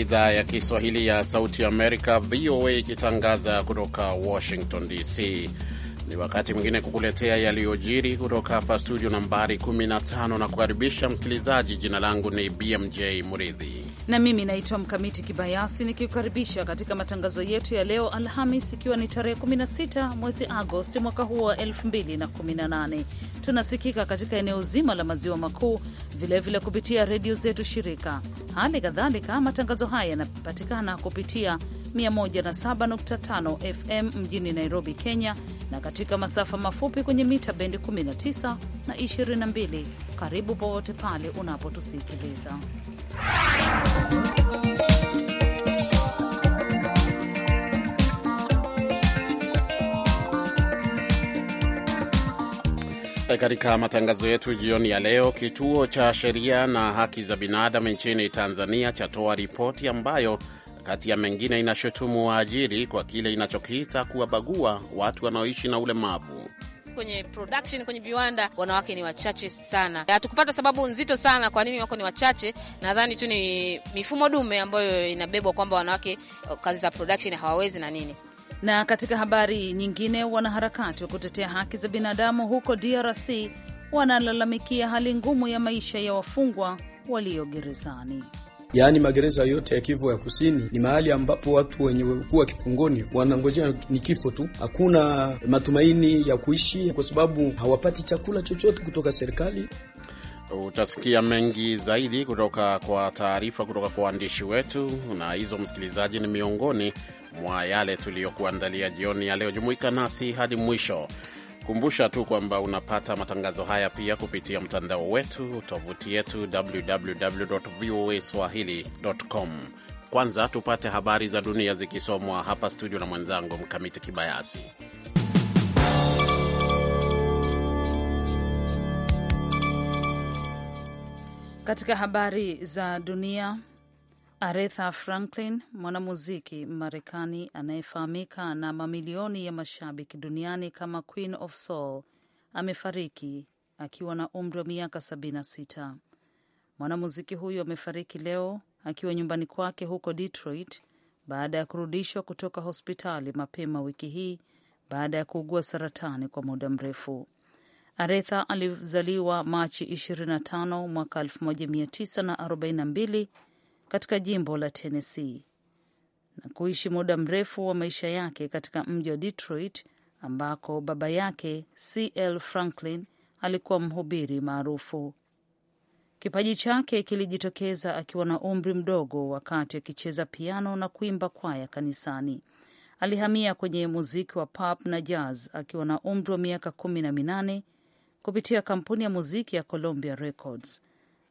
idhaa ya Kiswahili ya Sauti Amerika, VOA, ikitangaza kutoka Washington DC. Ni wakati mwingine kukuletea yaliyojiri kutoka hapa studio nambari 15 na kukaribisha msikilizaji. Jina langu ni BMJ Muridhi na mimi naitwa Mkamiti Kibayasi nikikukaribisha katika matangazo yetu ya leo Alhamis, ikiwa ni tarehe 16 mwezi Agosti mwaka huu wa 2018. Tunasikika katika eneo zima la maziwa makuu, vilevile kupitia redio zetu shirika. Hali kadhalika matangazo haya yanapatikana kupitia 107.5 FM mjini Nairobi, Kenya, na katika masafa mafupi kwenye mita bendi 19 na 22. Karibu popote pale unapotusikiliza E, katika matangazo yetu jioni ya leo, kituo cha sheria na haki za binadamu nchini Tanzania chatoa ripoti ambayo kati ya mengine inashutumu waajiri kwa kile inachokiita kuwabagua watu wanaoishi na ulemavu kwenye production, kwenye viwanda wanawake ni wachache sana. Hatukupata sababu nzito sana kwa nini wako ni wachache. Nadhani tu ni mifumo dume ambayo inabebwa kwamba wanawake kazi za production hawawezi na nini. Na katika habari nyingine, wanaharakati wa kutetea haki za binadamu huko DRC wanalalamikia hali ngumu ya maisha ya wafungwa walio gerezani. Yaani magereza yote ya Kivu ya Kusini ni mahali ambapo watu wenye kuwa kifungoni wanangojea ni kifo tu, hakuna matumaini ya kuishi kwa sababu hawapati chakula chochote kutoka serikali. Utasikia mengi zaidi kutoka kwa taarifa kutoka kwa waandishi wetu, na hizo msikilizaji, ni miongoni mwa yale tuliyokuandalia jioni ya leo. Jumuika nasi hadi mwisho. Kumbusha tu kwamba unapata matangazo haya pia kupitia mtandao wetu, tovuti yetu www voa swahili.com. Kwanza tupate habari za dunia zikisomwa hapa studio na mwenzangu Mkamiti Kibayasi. Katika habari za dunia, Aretha Franklin, mwanamuziki Marekani anayefahamika na mamilioni ya mashabiki duniani kama Queen of Soul, amefariki akiwa na umri wa miaka 76. Mwanamuziki huyu amefariki leo akiwa nyumbani kwake huko Detroit baada ya kurudishwa kutoka hospitali mapema wiki hii baada ya kuugua saratani kwa muda mrefu. Aretha alizaliwa Machi 25 mwaka 1942 katika jimbo la Tennessee na kuishi muda mrefu wa maisha yake katika mji wa Detroit ambako baba yake CL Franklin alikuwa mhubiri maarufu. Kipaji chake kilijitokeza akiwa na umri mdogo, wakati akicheza piano na kuimba kwaya kanisani. Alihamia kwenye muziki wa pop na jazz akiwa na umri wa miaka kumi na minane kupitia kampuni ya muziki ya Columbia Records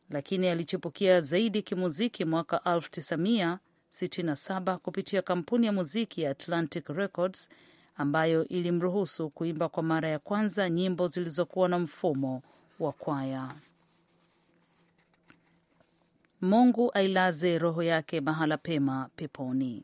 lakini alichipukia zaidi kimuziki mwaka 1967 kupitia kampuni ya muziki ya Atlantic Records ambayo ilimruhusu kuimba kwa mara ya kwanza nyimbo zilizokuwa na mfumo wa kwaya. Mungu ailaze roho yake mahala pema peponi.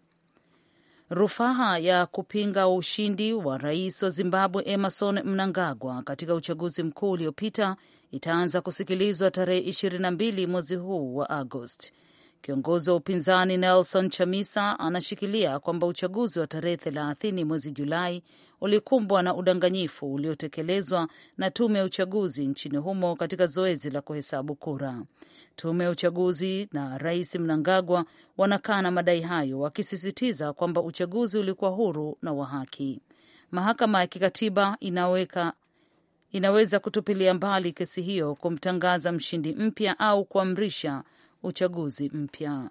Rufaha ya kupinga ushindi wa rais wa Zimbabwe Emerson Mnangagwa katika uchaguzi mkuu uliopita itaanza kusikilizwa tarehe 22 mwezi huu wa Agosti. Kiongozi wa upinzani Nelson Chamisa anashikilia kwamba uchaguzi wa tarehe 30 mwezi Julai ulikumbwa na udanganyifu uliotekelezwa na tume ya uchaguzi nchini humo katika zoezi la kuhesabu kura. Tume ya uchaguzi na Rais Mnangagwa wanakana madai hayo, wakisisitiza kwamba uchaguzi ulikuwa huru na wa haki. Mahakama ya Kikatiba inaweka inaweza kutupilia mbali kesi hiyo, kumtangaza mshindi mpya au kuamrisha uchaguzi mpya.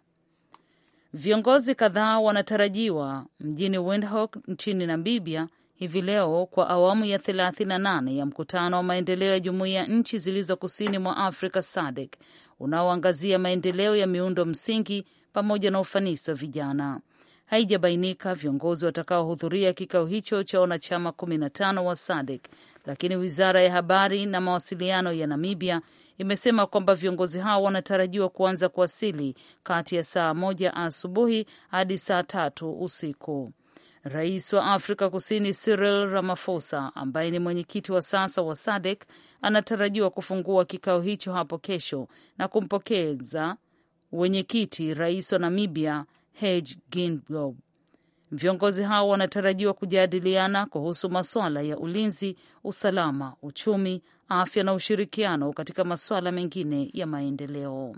Viongozi kadhaa wanatarajiwa mjini Windhoek nchini Namibia hivi leo kwa awamu ya 38 ya mkutano wa maendeleo ya jumuiya ya nchi zilizo kusini mwa Afrika SADC unaoangazia maendeleo ya miundo msingi pamoja na ufanisi wa vijana haijabainika viongozi watakaohudhuria kikao hicho cha wanachama 15 wa SADC, lakini wizara ya habari na mawasiliano ya Namibia imesema kwamba viongozi hao wanatarajiwa kuanza kuwasili kati ya saa moja asubuhi hadi saa tatu usiku. Rais wa Afrika Kusini Cyril Ramaphosa, ambaye ni mwenyekiti wa sasa wa SADC, anatarajiwa kufungua kikao hicho hapo kesho na kumpokeza wenyekiti rais wa Namibia Hedge Geingob. Viongozi hao wanatarajiwa kujadiliana kuhusu masuala ya ulinzi, usalama, uchumi, afya na ushirikiano katika masuala mengine ya maendeleo.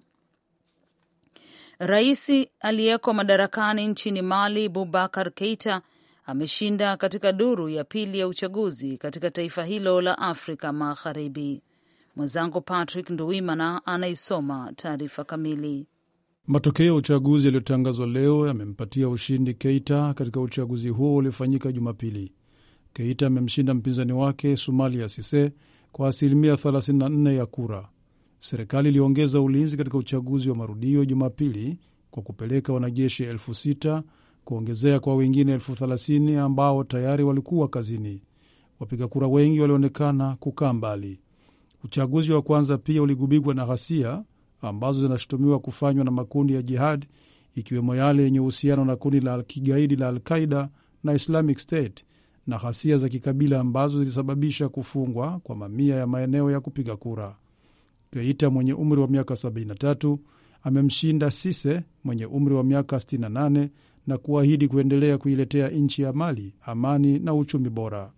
Rais aliyeko madarakani nchini Mali Bubakar Keita ameshinda katika duru ya pili ya uchaguzi katika taifa hilo la Afrika Magharibi. Mwenzangu Patrick Nduwimana anaisoma taarifa kamili. Matokeo ya uchaguzi yaliyotangazwa leo yamempatia ushindi Keita katika uchaguzi huo uliofanyika Jumapili. Keita amemshinda mpinzani wake Sumalia Sise kwa asilimia 34 ya kura. Serikali iliongeza ulinzi katika uchaguzi wa marudio Jumapili kwa kupeleka wanajeshi elfu sita kuongezea kwa wengine elfu thelathini ambao tayari walikuwa kazini. Wapiga kura wengi walionekana kukaa mbali. Uchaguzi wa kwanza pia uligubikwa na ghasia ambazo zinashutumiwa kufanywa na makundi ya jihadi ikiwemo yale yenye uhusiano na kundi la kigaidi la Alqaida na Islamic State na ghasia za kikabila ambazo zilisababisha kufungwa kwa mamia ya maeneo ya kupiga kura. Keita mwenye umri wa miaka 73 amemshinda Sise mwenye umri wa miaka 68 na kuahidi kuendelea kuiletea nchi ya Mali amani na uchumi bora.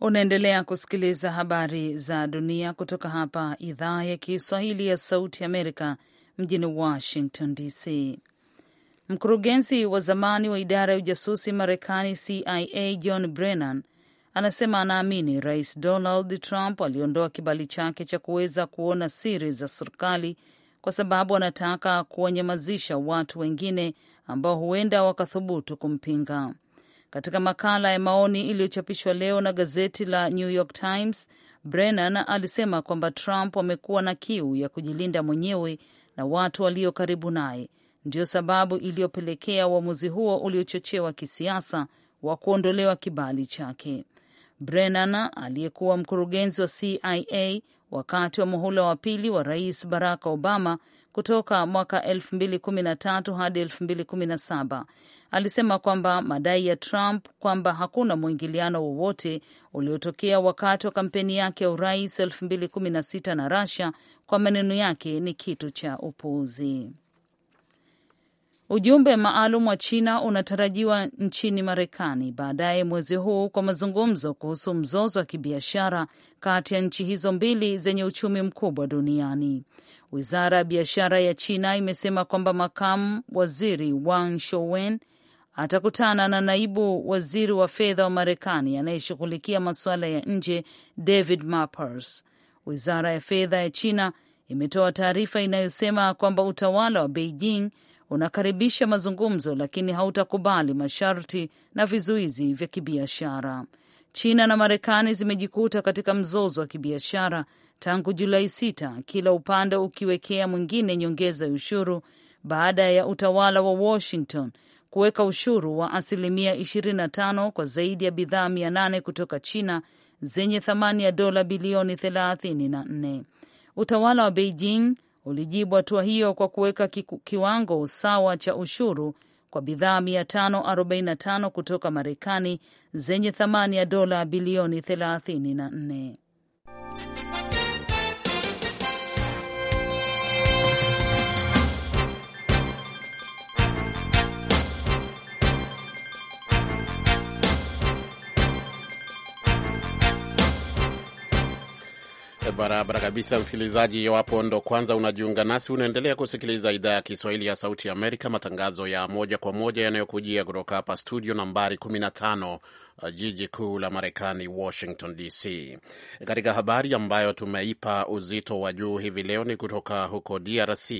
Unaendelea kusikiliza habari za dunia kutoka hapa idhaa ya Kiswahili ya Sauti Amerika mjini Washington DC. Mkurugenzi wa zamani wa idara ya ujasusi Marekani CIA John Brennan anasema anaamini Rais Donald Trump aliondoa kibali chake cha kuweza kuona siri za serikali kwa sababu anataka kuwanyamazisha watu wengine ambao huenda wakathubutu kumpinga. Katika makala ya maoni iliyochapishwa leo na gazeti la New York Times, Brennan alisema kwamba Trump amekuwa na kiu ya kujilinda mwenyewe na watu walio karibu naye, ndiyo sababu iliyopelekea uamuzi huo uliochochewa kisiasa wa kuondolewa kibali chake. Brennan aliyekuwa mkurugenzi wa CIA wakati wa muhula wa pili wa Rais Barack Obama kutoka mwaka 2013 hadi 2017. Alisema kwamba madai ya Trump kwamba hakuna mwingiliano wowote uliotokea wakati wa kampeni yake ya urais 2016 na Russia, kwa maneno yake, ni kitu cha upuuzi. Ujumbe maalum wa China unatarajiwa nchini Marekani baadaye mwezi huu kwa mazungumzo kuhusu mzozo wa kibiashara kati ya nchi hizo mbili zenye uchumi mkubwa duniani. Wizara ya biashara ya China imesema kwamba makamu waziri Wang Shouwen atakutana na naibu waziri wa fedha wa Marekani anayeshughulikia masuala ya nje David Mappers. Wizara ya fedha ya China imetoa taarifa inayosema kwamba utawala wa Beijing unakaribisha mazungumzo, lakini hautakubali masharti na vizuizi vya kibiashara. China na Marekani zimejikuta katika mzozo wa kibiashara tangu Julai sita, kila upande ukiwekea mwingine nyongeza ya ushuru baada ya utawala wa Washington kuweka ushuru wa asilimia 25 kwa zaidi ya bidhaa nane kutoka China zenye thamani ya dola bilioni 34. Utawala wa Beijing ulijibu hatua hiyo kwa kuweka kiwango sawa cha ushuru kwa bidhaa 545 kutoka Marekani zenye thamani ya dola bilioni 34. barabara kabisa, msikilizaji. Iwapo ndo kwanza unajiunga nasi, unaendelea kusikiliza idhaa ya Kiswahili ya Sauti ya Amerika, matangazo ya moja kwa moja yanayokujia kutoka hapa studio nambari 15 Uh, jiji kuu la Marekani, Washington DC. Katika habari ambayo tumeipa uzito wa juu hivi leo ni kutoka huko DRC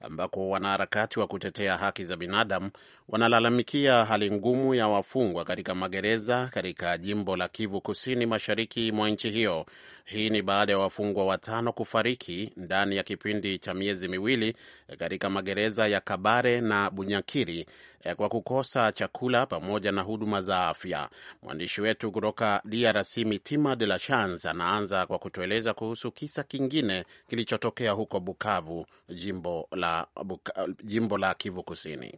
ambako wanaharakati wa kutetea haki za binadamu wanalalamikia hali ngumu ya wafungwa katika magereza katika jimbo la Kivu Kusini, mashariki mwa nchi hiyo. Hii ni baada ya wafungwa watano kufariki ndani ya kipindi cha miezi miwili katika magereza ya Kabare na Bunyakiri Eh, kwa kukosa chakula pamoja na huduma za afya. Mwandishi wetu kutoka DRC Mitima de la Chance anaanza kwa kutueleza kuhusu kisa kingine kilichotokea huko Bukavu, jimbo la, Buka, jimbo la Kivu Kusini.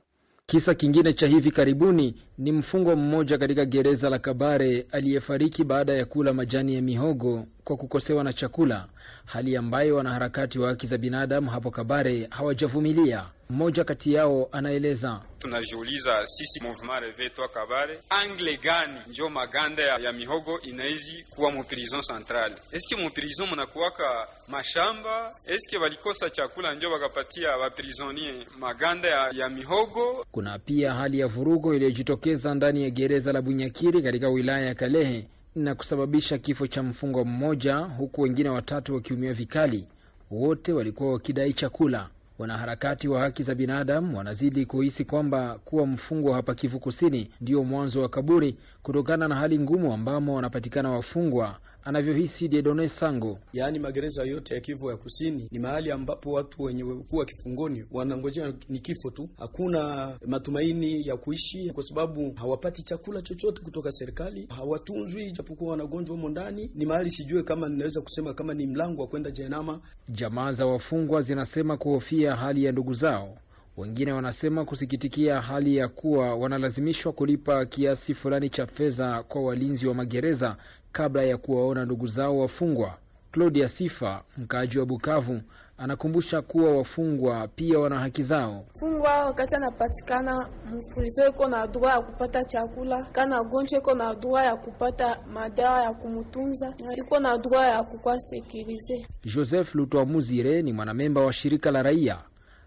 Kisa kingine cha hivi karibuni ni mfungwa mmoja katika gereza la Kabare aliyefariki baada ya kula majani ya mihogo kwa kukosewa na chakula, hali ambayo wanaharakati wa haki za binadamu hapo Kabare hawajavumilia. Mmoja kati yao anaeleza, tunajiuliza sisi movement revetwa kabare angle gani njo maganda ya, ya mihogo inaizi kuwa muprison centrale? Eske muprizon munakuwaka mashamba? Eske walikosa chakula njo wakapatia waprisonie maganda ya, ya mihogo? Kuna pia hali ya vurugo iliyojitokeza ndani ya gereza la Bunyakiri katika wilaya ya Kalehe na kusababisha kifo cha mfungwa mmoja huku wengine watatu wakiumia vikali. Wote walikuwa wakidai chakula. Wanaharakati wa haki za binadamu wanazidi kuhisi kwamba kuwa mfungwa hapa Kivu Kusini ndio mwanzo wa kaburi kutokana na hali ngumu ambamo wanapatikana wafungwa anavyohisi Diedone Sango. Yaani, magereza yote ya Kivu ya Kusini ni mahali ambapo watu wenye kuwa kifungoni wanangojea ni kifo tu, hakuna matumaini ya kuishi kwa sababu hawapati chakula chochote kutoka serikali, hawatunzwi japokuwa wanagonjwa humo ndani. Ni mahali sijue kama ninaweza kusema kama ni mlango wa kwenda jenama. Jamaa za wafungwa zinasema kuhofia hali ya ndugu zao wengine wanasema kusikitikia hali ya kuwa wanalazimishwa kulipa kiasi fulani cha fedha kwa walinzi wa magereza kabla ya kuwaona ndugu zao wafungwa. Claudia Sifa, mkaaji wa Bukavu, anakumbusha kuwa wafungwa pia wana haki zao. Fungwa wakati anapatikana mprizo iko na dua ya kupata chakula, kana gonjwa iko na dua ya kupata madawa ya kumutunza, iko na dua ya kukwa sekirize. Joseph Lutoamuzire ni mwanamemba wa shirika la raia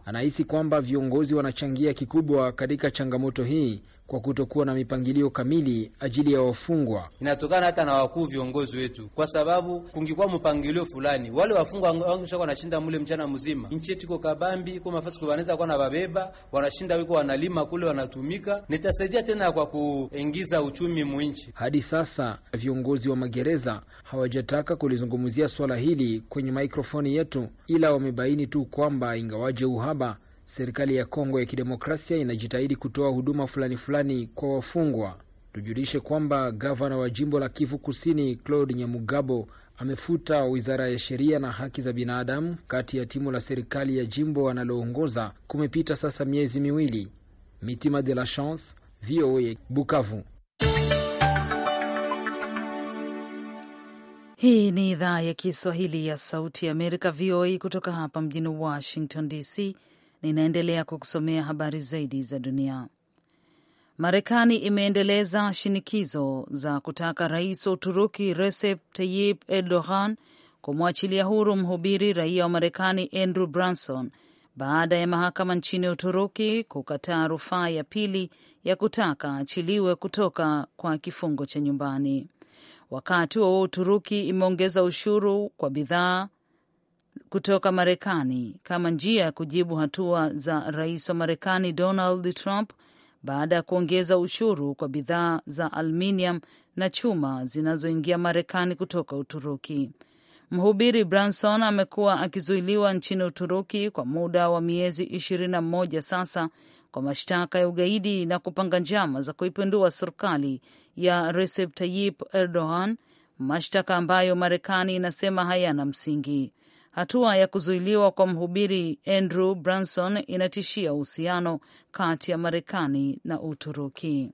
anahisi kwamba viongozi wanachangia kikubwa katika changamoto hii kwa kutokuwa na mipangilio kamili ajili ya wafungwa. Inatokana hata na wakuu viongozi wetu, kwa sababu kungikuwa mpangilio fulani, wale wafungwa wangeshakuwa wanashinda mule mchana mzima. Nchi yetu iko kabambi, iko mafasi kuwanaweza kuwa na babeba wanashinda wiko wanalima kule, wanatumika nitasaidia tena kwa kuingiza uchumi mwinchi. Hadi sasa viongozi wa magereza hawajataka kulizungumzia swala hili kwenye mikrofoni yetu, ila wamebaini tu kwamba ingawaje uhaba serikali ya Kongo ya Kidemokrasia inajitahidi kutoa huduma fulani fulani kwa wafungwa. Tujulishe kwamba gavana wa jimbo la Kivu Kusini Claude Nyamugabo amefuta wizara ya sheria na haki za binadamu kati ya timu la serikali ya jimbo analoongoza. Kumepita sasa miezi miwili. Mitima de la Chance, VOA Bukavu. Hii ni idhaa ya Kiswahili ya Sauti ya Amerika, VOA, kutoka hapa mjini Washington DC. Ninaendelea kukusomea habari zaidi za dunia. Marekani imeendeleza shinikizo za kutaka rais wa Uturuki Recep Tayyip Erdogan kumwachilia huru mhubiri raia wa Marekani Andrew Branson baada ya mahakama nchini Uturuki kukataa rufaa ya pili ya kutaka achiliwe kutoka kwa kifungo cha nyumbani. Wakati wa huo Uturuki imeongeza ushuru kwa bidhaa kutoka Marekani kama njia ya kujibu hatua za rais wa Marekani Donald Trump baada ya kuongeza ushuru kwa bidhaa za aluminium na chuma zinazoingia Marekani kutoka Uturuki. Mhubiri Branson amekuwa akizuiliwa nchini Uturuki kwa muda wa miezi 21 sasa kwa mashtaka ya ugaidi na kupanga njama za kuipindua serikali ya Recep Tayyip Erdogan, mashtaka ambayo Marekani inasema hayana msingi. Hatua ya kuzuiliwa kwa mhubiri Andrew Branson inatishia uhusiano kati ya Marekani na Uturuki.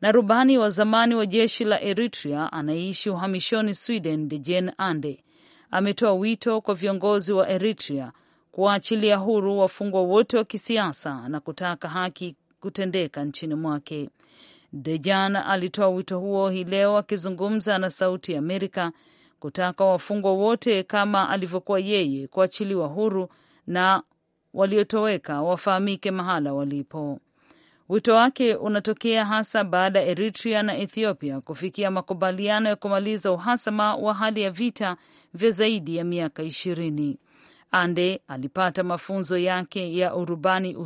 Na rubani wa zamani wa jeshi la Eritrea anayeishi uhamishoni Sweden, Dejen Ande ametoa wito kwa viongozi wa Eritrea kuwaachilia huru wafungwa wote wa kisiasa na kutaka haki kutendeka nchini mwake. Dejan alitoa wito huo hii leo akizungumza na Sauti ya Amerika kutaka wafungwa wote kama alivyokuwa yeye kuachiliwa huru na waliotoweka wafahamike mahala walipo. Wito wake unatokea hasa baada ya Eritrea na Ethiopia kufikia makubaliano ya kumaliza uhasama wa hali ya vita vya zaidi ya miaka ishirini. Ande alipata mafunzo yake ya urubani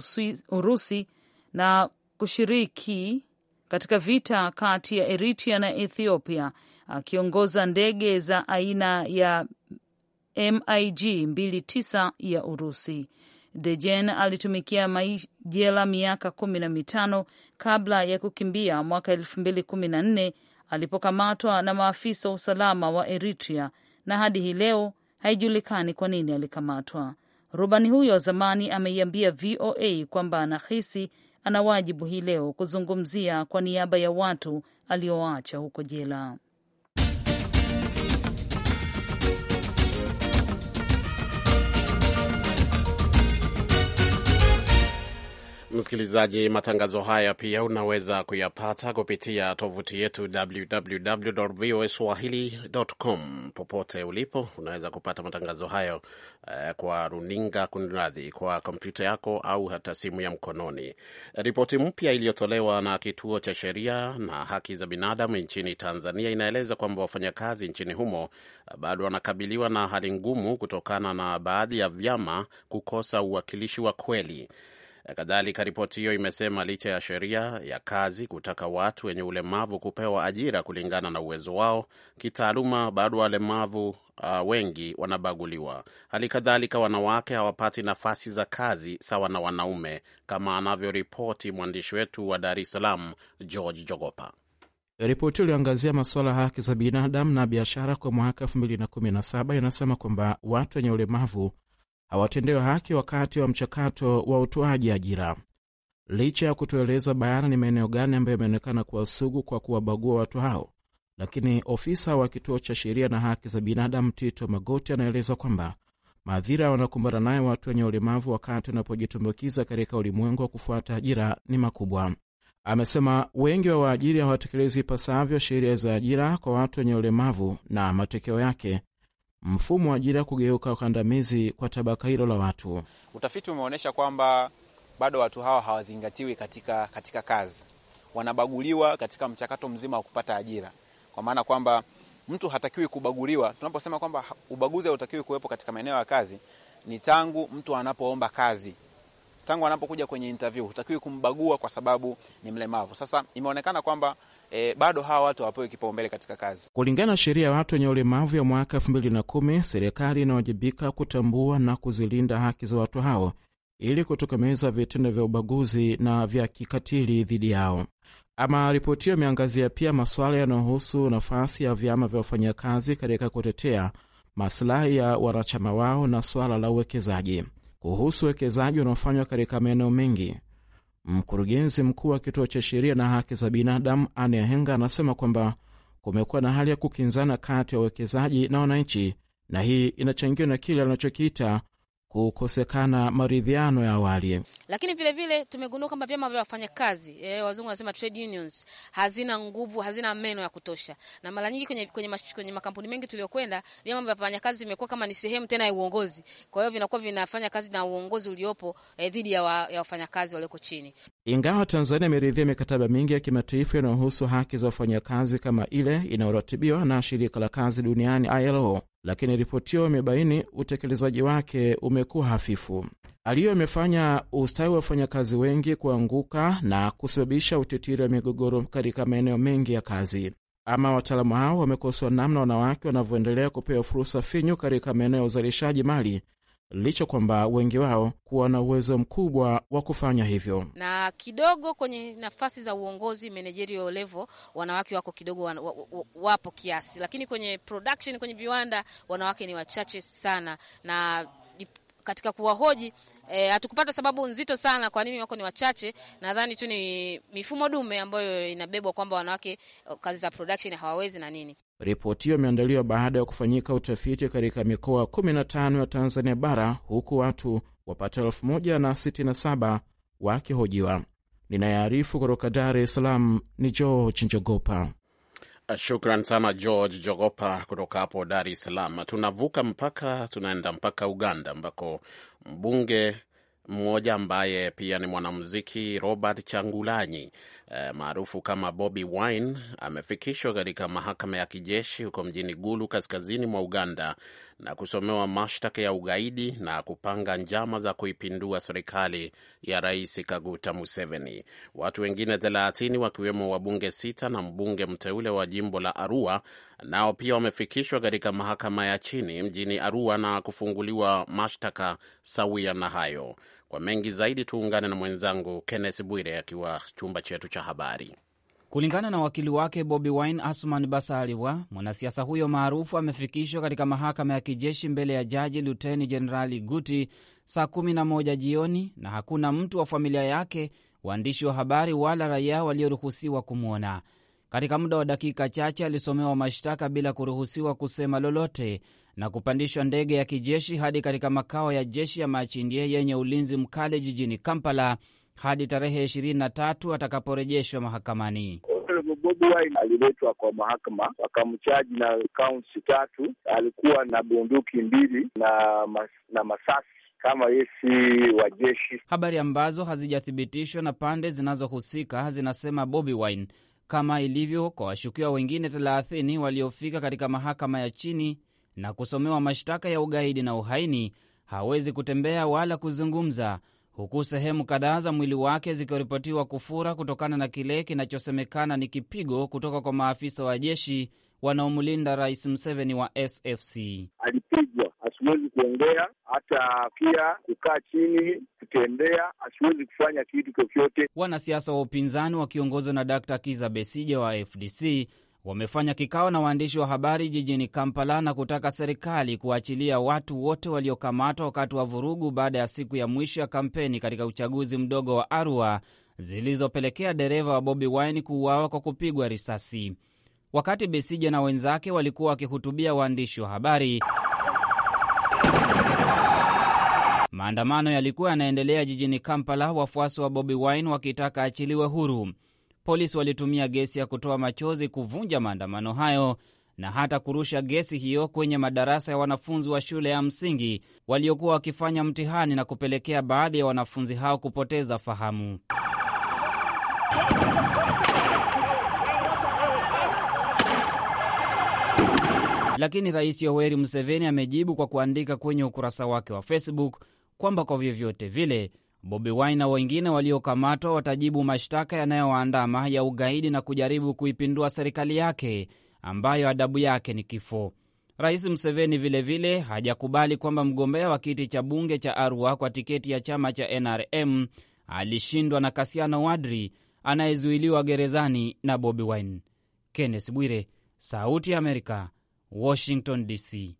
Urusi na kushiriki katika vita kati ya Eritrea na Ethiopia akiongoza ndege za aina ya MiG 29 ya Urusi. Dejen alitumikia majela miaka kumi na mitano kabla ya kukimbia mwaka elfu mbili kumi na nne alipokamatwa na maafisa wa usalama wa Eritrea, na hadi hii leo haijulikani kwa nini alikamatwa. Rubani huyo zamani ameiambia VOA kwamba anahisi ana wajibu hii leo kuzungumzia kwa niaba ya watu aliowaacha huko jela. Msikilizaji, matangazo haya pia unaweza kuyapata kupitia tovuti yetu www voa Popote ulipo, unaweza kupata matangazo hayo eh, kwa runinga, kunradhi, kwa kompyuta yako au hata simu ya mkononi. Ripoti mpya iliyotolewa na Kituo cha Sheria na Haki za Binadamu nchini Tanzania inaeleza kwamba wafanyakazi nchini humo eh, bado wanakabiliwa na hali ngumu kutokana na baadhi ya vyama kukosa uwakilishi wa kweli. Kadhalika, ripoti hiyo imesema licha ya sheria ya kazi kutaka watu wenye ulemavu kupewa ajira kulingana na uwezo wao kitaaluma, bado walemavu uh, wengi wanabaguliwa. Hali kadhalika, wanawake hawapati nafasi za kazi sawa na wanaume, kama anavyoripoti mwandishi wetu wa Dar es Salaam George Jogopa. Ripoti iliyoangazia masuala ya haki za binadamu na biashara kwa mwaka 2017 inasema kwamba watu wenye ulemavu hawatendewe haki wakati wa mchakato wa utoaji ajira. Licha ya kutoeleza bayana ni maeneo gani ambayo yameonekana kuwa sugu kwa kuwabagua watu hao, lakini ofisa wa kituo cha sheria na haki za binadamu Tito Magoti anaeleza kwamba maadhira wanakumbana nayo watu wenye ulemavu wakati wanapojitumbukiza katika ulimwengu wa kufuata ajira ni makubwa. Amesema wengi wa waajiri hawatekelezi ipasavyo sheria za ajira kwa watu wenye ulemavu, na matokeo yake mfumo wa ajira kugeuka ukandamizi kwa tabaka hilo la watu. Utafiti umeonyesha kwamba bado watu hawa hawazingatiwi katika, katika kazi, wanabaguliwa katika mchakato mzima wa kupata ajira, kwa maana kwamba mtu hatakiwi kubaguliwa. Tunaposema kwamba ubaguzi hautakiwi kuwepo katika maeneo ya kazi, ni tangu mtu anapoomba kazi tangu anapokuja kwenye interview hutakiwi kumbagua kwa sababu ni mlemavu. Sasa imeonekana kwamba e, bado hawa watu hawapewi kipaumbele katika kazi. Kulingana na sheria ya watu wenye ulemavu ya mwaka elfu mbili na kumi, serikali inawajibika kutambua na kuzilinda haki za watu hao ili kutokomeza vitendo vya ubaguzi na vya kikatili dhidi yao. Ama ripoti hiyo imeangazia pia masuala yanayohusu nafasi ya vyama vya wafanyakazi katika kutetea masilahi ya wanachama wao na suala la uwekezaji. Kuhusu uwekezaji unaofanywa katika maeneo mengi, Mkurugenzi mkuu wa kituo cha sheria na haki za binadamu Anne Henga anasema kwamba kumekuwa na hali ya kukinzana kati ya wawekezaji na wananchi, na hii inachangiwa na kile anachokiita kukosekana maridhiano ya awali. Lakini vilevile tumegundua kwamba vyama vya wafanyakazi e, wazungu wanasema trade unions hazina nguvu, hazina meno ya kutosha, na mara nyingi kwenye, kwenye, kwenye makampuni mengi tuliyokwenda, vyama vya wafanyakazi vimekuwa kama ni sehemu tena ya uongozi. Kwa hiyo vinakuwa vinafanya kazi na uongozi uliopo e, dhidi ya, wa, ya wafanyakazi walioko chini. Ingawa Tanzania imeridhia mikataba mingi ya kimataifa inayohusu haki za wafanyakazi kama ile inayoratibiwa na shirika la kazi duniani ILO, lakini ripoti hiyo imebaini utekelezaji wake umekuwa hafifu. Aliyo imefanya ustawi wa wafanyakazi wengi kuanguka na kusababisha utitiri wa migogoro katika maeneo mengi ya kazi. Ama wataalamu hao wamekosoa namna wanawake wanavyoendelea kupewa fursa finyu katika maeneo ya uzalishaji mali licha kwamba wengi wao kuwa na uwezo mkubwa wa kufanya hivyo. Na kidogo kwenye nafasi za uongozi managerial level, wanawake wako kidogo, wa, wapo kiasi, lakini kwenye production, kwenye viwanda wanawake ni wachache sana na katika kuwahoji e, sababu nzito sana kwa nini wako ni wachache. Nadhani tu ni mifumo dume ambayo inabebwa kwamba wanawake eh, kazi za production hawawezi na nini. Ripoti hiyo imeandaliwa baada ya kufanyika utafiti katika mikoa 15 ya Tanzania bara huku watu wapata 167 wakihojiwa. Ninayearifu kutoka Dar es Salaam ni George Njogopa. Uh, shukran sana George Jogopa kutoka hapo Dar es Salaam. Tunavuka mpaka, tunaenda mpaka Uganda ambako mbunge mmoja ambaye pia ni mwanamuziki Robert Changulanyi eh, maarufu kama Bobi Wine amefikishwa katika mahakama ya kijeshi huko mjini Gulu kaskazini mwa Uganda na kusomewa mashtaka ya ugaidi na kupanga njama za kuipindua serikali ya Rais Kaguta Museveni. Watu wengine 30 wakiwemo wabunge sita na mbunge mteule wa jimbo la Arua nao pia wamefikishwa katika mahakama ya chini mjini Arua na kufunguliwa mashtaka sawia na hayo. Kwa mengi zaidi tuungane na mwenzangu Kenneth Bwire akiwa chumba chetu cha habari. Kulingana na wakili wake Bobi Wine, Asman Basaliwa, mwanasiasa huyo maarufu amefikishwa katika mahakama ya kijeshi mbele ya jaji luteni jenerali Guti saa kumi na moja jioni na hakuna mtu wa familia yake, waandishi wa habari wala raia walioruhusiwa kumwona. Katika muda wa dakika chache alisomewa mashtaka bila kuruhusiwa kusema lolote, na kupandishwa ndege ya kijeshi hadi katika makao ya jeshi ya Machindie yenye ulinzi mkali jijini Kampala hadi tarehe ishirini na tatu atakaporejeshwa mahakamani. Bobi Wine aliletwa kwa mahakama wakamchaji na kaunti tatu. Alikuwa na bunduki mbili na, mas, na masasi kama yesi wa jeshi. Habari ambazo hazijathibitishwa na pande zinazohusika zinasema Bobi Wine, kama ilivyo kwa washukiwa wengine thelathini waliofika katika mahakama ya chini na kusomewa mashtaka ya ugaidi na uhaini, hawezi kutembea wala kuzungumza, huku sehemu kadhaa za mwili wake zikiripotiwa kufura kutokana na kile kinachosemekana ni kipigo kutoka kwa maafisa wa jeshi wanaomlinda Rais Mseveni wa SFC. Alipigwa, asiwezi kuongea, hata pia kukaa chini, kutembea, asiwezi kufanya kitu chochote. Wanasiasa wa upinzani wakiongozwa na Dkt. Kiza Besija wa FDC wamefanya kikao na waandishi wa habari jijini Kampala na kutaka serikali kuachilia watu wote waliokamatwa wakati wa vurugu baada ya siku ya mwisho ya kampeni katika uchaguzi mdogo wa Arua zilizopelekea dereva wa Bobi Wine kuuawa kwa kupigwa risasi. Wakati Besije na wenzake walikuwa wakihutubia waandishi wa habari, maandamano yalikuwa yanaendelea jijini Kampala, wafuasi wa Bobi Wine wakitaka achiliwe huru polisi walitumia gesi ya kutoa machozi kuvunja maandamano hayo na hata kurusha gesi hiyo kwenye madarasa ya wanafunzi wa shule ya msingi waliokuwa wakifanya mtihani na kupelekea baadhi ya wanafunzi hao kupoteza fahamu. Lakini Rais Yoweri Museveni amejibu kwa kuandika kwenye ukurasa wake wa Facebook kwamba kwa vyovyote vile Bobi Wine na wengine waliokamatwa watajibu mashtaka yanayowaandama ya ugaidi na kujaribu kuipindua serikali yake ambayo adabu yake ni kifo. Rais Mseveni vilevile hajakubali kwamba mgombea wa kiti cha bunge cha Arua kwa tiketi ya chama cha NRM alishindwa na Kasiano Wadri anayezuiliwa gerezani na Bobi Wine. Kenneth Bwire, Sauti ya Amerika, Washington DC.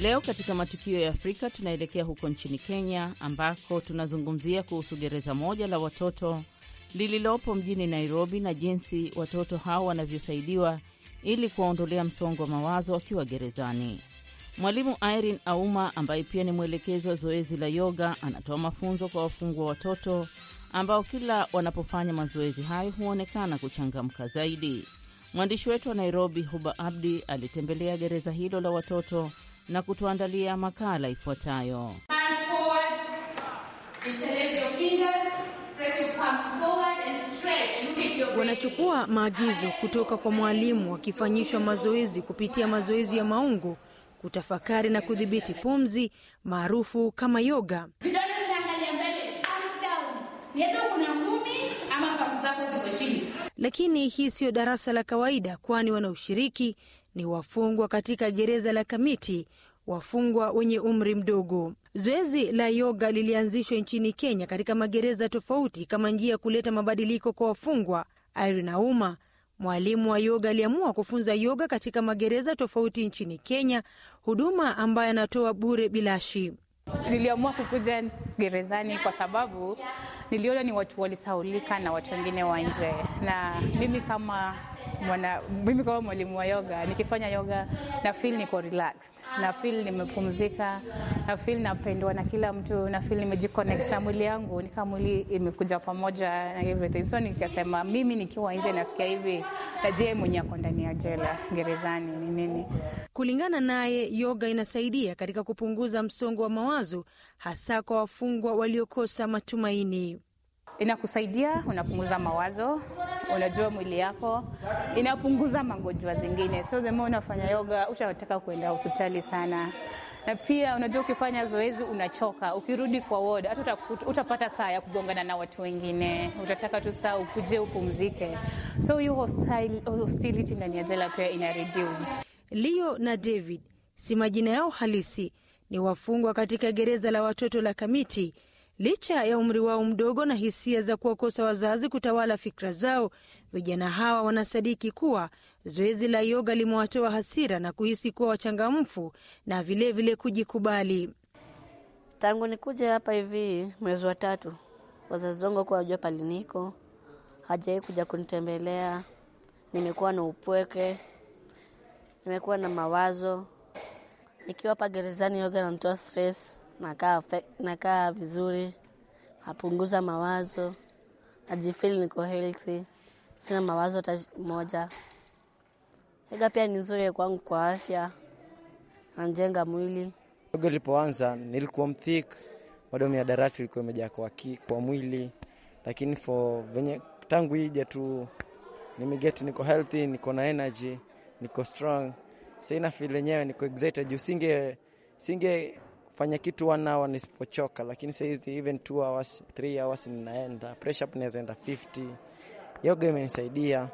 Leo katika matukio ya Afrika tunaelekea huko nchini Kenya ambako tunazungumzia kuhusu gereza moja la watoto lililopo mjini Nairobi na jinsi watoto hao wanavyosaidiwa ili kuwaondolea msongo wa mawazo wakiwa gerezani. Mwalimu Irene Auma ambaye pia ni mwelekezi wa zoezi la yoga anatoa mafunzo kwa wafungwa watoto ambao kila wanapofanya mazoezi hayo huonekana kuchangamka zaidi. Mwandishi wetu wa Nairobi Huba Abdi alitembelea gereza hilo la watoto na kutuandalia makala ifuatayo. Wanachukua maagizo kutoka kwa mwalimu, wakifanyishwa mazoezi kupitia mazoezi ya maungo, kutafakari na kudhibiti pumzi maarufu kama yoga. Lakini hii siyo darasa la kawaida, kwani wanaoshiriki ni wafungwa katika gereza la Kamiti, wafungwa wenye umri mdogo. Zoezi la yoga lilianzishwa nchini Kenya katika magereza tofauti kama njia ya kuleta mabadiliko kwa wafungwa. Irene Auma, mwalimu wa yoga, aliamua kufunza yoga katika magereza tofauti nchini Kenya, huduma ambayo anatoa bure bilashi. Niliamua kukuja gerezani kwa sababu niliona ni watu walisaulika na watu wengine wa nje, na mimi kama mwana, mimi kama mwalimu wa yoga nikifanya yoga na feel niko relaxed, na feel nimepumzika, na feel napendwa na kila mtu, na feel nimejiconnect na mwili yangu, kama mwili imekuja pamoja na everything. So nikasema mimi nikiwa nje nasikia hivi, najie mwenye ako ndani ya jela gerezani ni nini. Kulingana naye, yoga inasaidia katika kupunguza msongo wa mawazo, hasa kwa wafungwa waliokosa matumaini. Inakusaidia, unapunguza mawazo, unajua mwili yako, inapunguza magonjwa zingine. So the more unafanya yoga, utataka kuenda hospitali sana. Na pia unajua, ukifanya zoezi unachoka, ukirudi kwa ward hata utapata saa ya kugongana na watu wengine, utataka tu saa ukuje upumzike. So hiyo hostility ndani ya jela pia ina reduce. Leo na David si majina yao halisi, ni wafungwa katika gereza la watoto la Kamiti Licha ya umri wao mdogo na hisia za kuwakosa wazazi kutawala fikra zao, vijana hawa wanasadiki kuwa zoezi la yoga limewatoa hasira na kuhisi kuwa wachangamfu na vilevile vile kujikubali. Tangu nikuja hapa hivi mwezi wa tatu, wazazi wangu kuwa wajua pali niko, hajawai kuja kunitembelea. Nimekuwa na upweke, nimekuwa na mawazo. Nikiwa hapa gerezani, yoga nanitoa stress nakaa nakaa vizuri, napunguza mawazo, najifeel niko healthy, sina mawazo hata moja. Yoga pia ni nzuri kwangu kwa afya, najenga mwili. Yoga ilipoanza nilikuwa mthik, bado mihadarati ilikuwa imejaa kwa, kwa mwili, lakini for venye tangu ija tu nimegeti, niko healthy, niko na energy, niko strong. Sasa ina feel yenyewe niko excited juu singe singe fanya kitu one hour nisipochoka, lakini sahizi even two hours, three hours ninaenda press up, naweza enda 50. Yoga imenisaidia.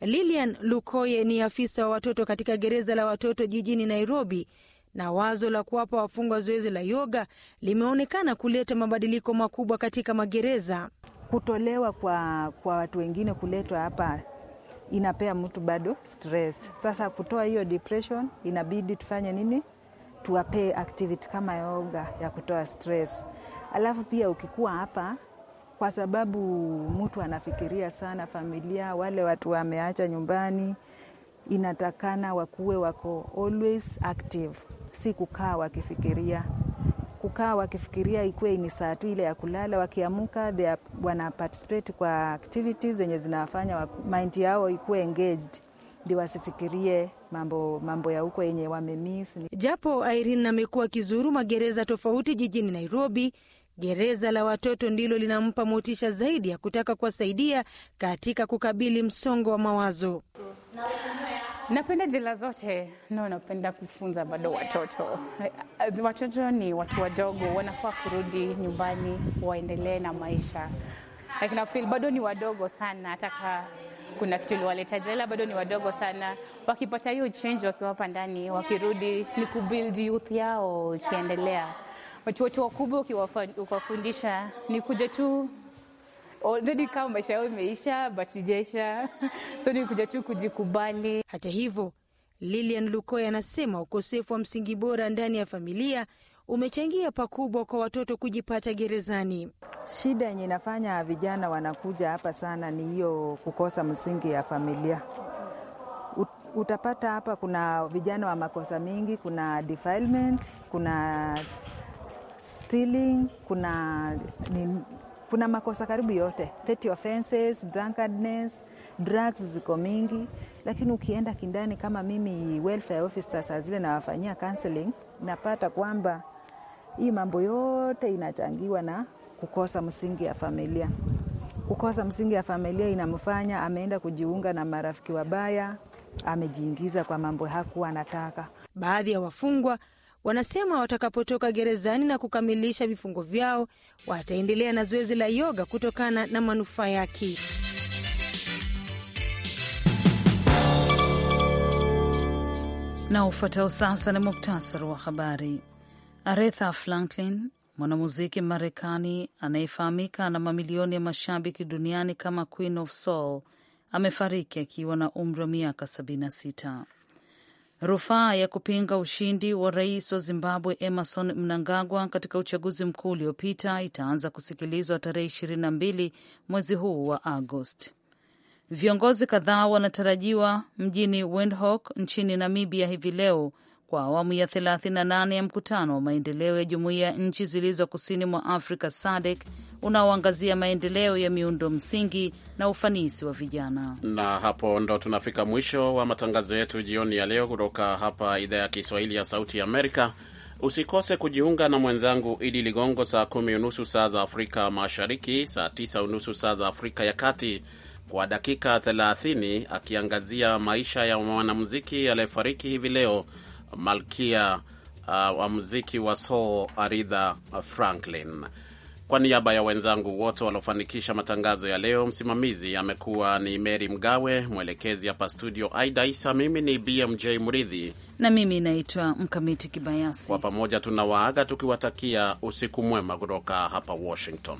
Lilian Lukoye ni afisa wa watoto katika gereza la watoto jijini Nairobi, na wazo la kuwapa wafungwa zoezi la yoga limeonekana kuleta mabadiliko makubwa katika magereza. Kutolewa kwa, kwa watu wengine kuletwa hapa inapea mtu bado stress. Sasa kutoa hiyo depression, inabidi tufanye nini? tuwapee activity kama yoga ya kutoa stress. Alafu pia ukikuwa hapa, kwa sababu mtu anafikiria sana familia, wale watu wameacha nyumbani, inatakana wakuwe wako always active, si kukaa wakifikiria. Kukaa wakifikiria ikuwe ni saa tu ile ya kulala, wakiamka wana participate kwa activities zenye zinawafanya mind yao ikuwe engaged ndio wasifikirie mambo, mambo ya huko yenye wamemis. Japo Irene amekuwa akizuru magereza tofauti jijini Nairobi, gereza la watoto ndilo linampa motisha zaidi ya kutaka kuwasaidia katika kukabili msongo wa mawazo. Napenda jela zote no, napenda kufunza bado watoto. Watoto ni watu wadogo, wanafaa kurudi nyumbani waendelee na maisha, lakini like, bado ni wadogo sana, hata kuna kitu iliwaleta jela, bado ni wadogo sana. Wakipata hiyo change, wakiwapa ndani, wakirudi ni kubuild youth yao ikiendelea. Watu wetu wakubwa ukiwafundisha ni kuja tu already kama maisha yao imeisha batijesha so ni kuja tu kujikubali. Hata hivyo, Lilian Lukoy anasema ukosefu wa msingi bora ndani ya familia umechangia pakubwa kwa watoto kujipata gerezani. Shida yenye inafanya vijana wanakuja hapa sana ni hiyo kukosa msingi ya familia. Utapata hapa kuna vijana wa makosa mingi, kuna defilement, kuna stealing, kuna ni, kuna makosa karibu yote, petty offenses, drunkenness, drugs ziko mingi, lakini ukienda kindani, kama mimi welfare officer saa zile nawafanyia counseling, napata kwamba hii mambo yote inachangiwa na kukosa msingi ya familia. Kukosa msingi ya familia inamfanya ameenda kujiunga na marafiki wabaya, amejiingiza kwa mambo hakuwa anataka. Baadhi ya wafungwa wanasema watakapotoka gerezani na kukamilisha vifungo vyao wataendelea na zoezi la yoga kutokana na manufaa yake. Na ufuatao sasa ni muktasari wa habari. Aretha Franklin, mwanamuziki Marekani anayefahamika na mamilioni ya mashabiki duniani kama Queen of Soul, amefariki akiwa na umri wa miaka 76. Rufaa ya kupinga ushindi wa rais wa Zimbabwe Emerson Mnangagwa katika uchaguzi mkuu uliopita itaanza kusikilizwa tarehe 22 mwezi huu wa Agosti. Viongozi kadhaa wanatarajiwa mjini Windhoek nchini Namibia hivi leo kwa awamu ya 38 ya mkutano wa maendeleo ya jumuiya ya nchi zilizo kusini mwa Afrika SADC unaoangazia maendeleo ya miundo msingi na ufanisi wa vijana. Na hapo ndo tunafika mwisho wa matangazo yetu jioni ya leo kutoka hapa idhaa ya Kiswahili ya Sauti ya Amerika. Usikose kujiunga na mwenzangu Idi Ligongo saa kumi unusu saa za Afrika Mashariki, saa tisa unusu saa za Afrika ya Kati kwa dakika 30 akiangazia maisha ya mwanamuziki aliyefariki hivi leo malkia uh, wa muziki wa soul Aretha Franklin. Kwa niaba ya wenzangu wote waliofanikisha matangazo ya leo, msimamizi amekuwa ni Mary Mgawe, mwelekezi hapa studio Aida Isa, mimi ni BMJ Mridhi na mimi naitwa Mkamiti Kibayasi. Kwa pamoja tunawaaga tukiwatakia usiku mwema kutoka hapa Washington.